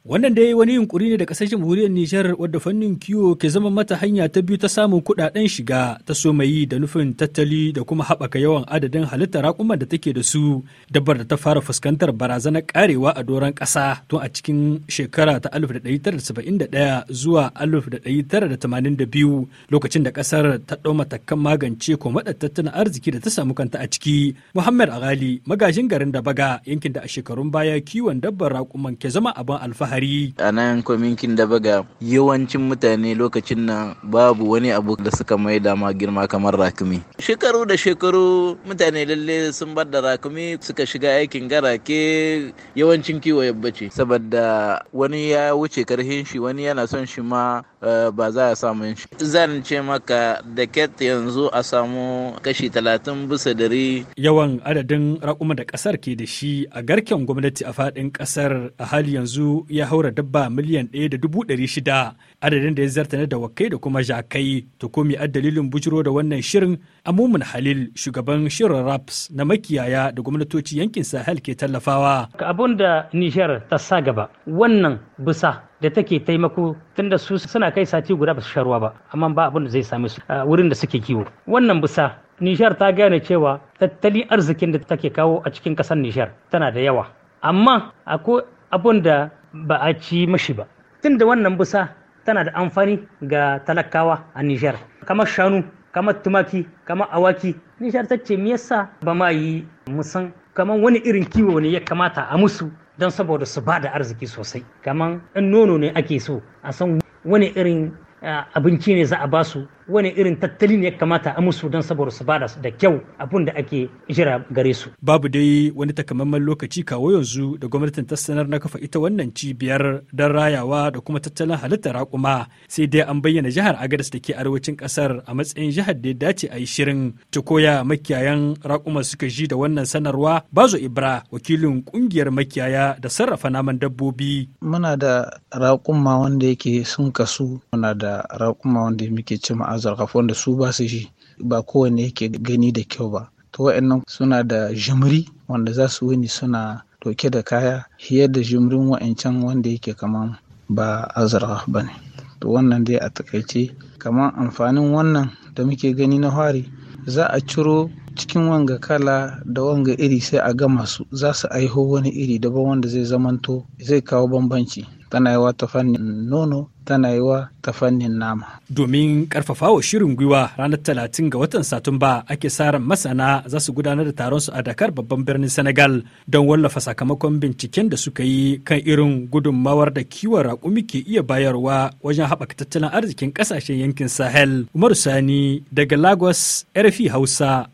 Wannan dai wani yunkuri ne da kasar jamhuriyar Nijar wadda fannin kiwo ke zama mata hanya ta biyu ta samun kudaden shiga ta somayi da nufin tattali da kuma haɓaka yawan adadin halitta raƙuman da take da su dabbar da ta fara fuskantar barazanar karewa a doron ƙasa tun a cikin shekara ta 1971 zuwa 1982 lokacin da ƙasar ta ɗau matakan magance maɗa tattalin arziki da ta samu kanta a ciki. Muhammad Agali magajin garin da baga yankin da a shekarun baya kiwon dabbar raƙuman ke zama abin alfahari. hari a nan kwaminkin da baga yawancin mutane lokacin nan babu wani abu da suka mai dama girma kamar rakumi shekaru da shekaru mutane lalle sun bar da rakumi suka shiga aikin garake yawancin kiwo yabbace saboda wani ya wuce karhin shi wani yana son shi ma eh, ba za a samu shi zan ce maka da ket yanzu a samu kashi talatin bisa dari yawan adadin rakuma da kasar ke da shi a garken gwamnati a faɗin kasar a hali yanzu ya ya haura dabba miliyan ɗaya da dubu ɗari shida adadin da ya zarta na dawakai da kuma jakai to ko a dalilin bujiro da wannan shirin amumin halil shugaban shirin raps na makiyaya da gwamnatoci yankin sahel ke tallafawa abun da nishar ta sa gaba wannan bisa da take taimako tunda su suna kai sati guda ba su sharuwa ba amma ba abun da zai sami su a wurin da suke kiwo wannan bisa nishar ta gane cewa tattalin arzikin da take kawo a cikin ƙasar nishar tana da yawa amma akwai abun da ba a ci mashi ba tunda wannan busa tana da amfani ga talakawa a Nijar kamar shanu kamar tumaki kamar awaki Nijar ta ce yasa ba ma yi musan kamar wani irin kiwo ne ya kamata a musu don saboda su ba da arziki sosai kamar in nono ne ake so a san wani irin eh, abinci ne za a basu wani irin tattali ne ya kamata a musu don saboda su bada da kyau abun da ake jira gare su. Babu dai wani takamaiman lokaci kawo yanzu da gwamnatin ta sanar na kafa ita wannan cibiyar don rayawa da kuma tattalin halittar raƙuma sai dai an bayyana jihar Agadas da ke arewacin ƙasar a matsayin jihar da ya dace a yi shirin ta koya makiyayan raƙuma suka ji da wannan sanarwa Bazo Ibra wakilin ƙungiyar makiyaya da sarrafa naman dabbobi. Muna da raƙuma wanda yake sun kasu muna da raƙuma wanda muke cima zarkafon da su ba su shi ba kowanne yake gani da kyau ba to wa'annan suna da jimri wanda za su wuni suna doke da kaya hiyar da jimrin wa'ancan wanda yake kaman ba azra ba ne to wannan dai a takaice kaman amfanin wannan da muke gani na hwari za a ciro cikin wanga kala da wanga iri sai a gama su za su aiho wani iri daban wanda zai zamanto zai kawo bambanci tana yiwa ta fannin nono tana yiwa ta fannin nama. Domin karfafa wa shirin gwiwa ranar talatin ga watan Satumba ake saran masana za su gudanar da taron su a Dakar babban birnin Senegal don wallafa sakamakon binciken da suka yi kan irin gudunmawar da kiwon raƙumi ke iya bayarwa wajen haɓaka tattalin arzikin ƙasashen yankin Sahel. Umaru Sani daga Lagos, RFI Hausa.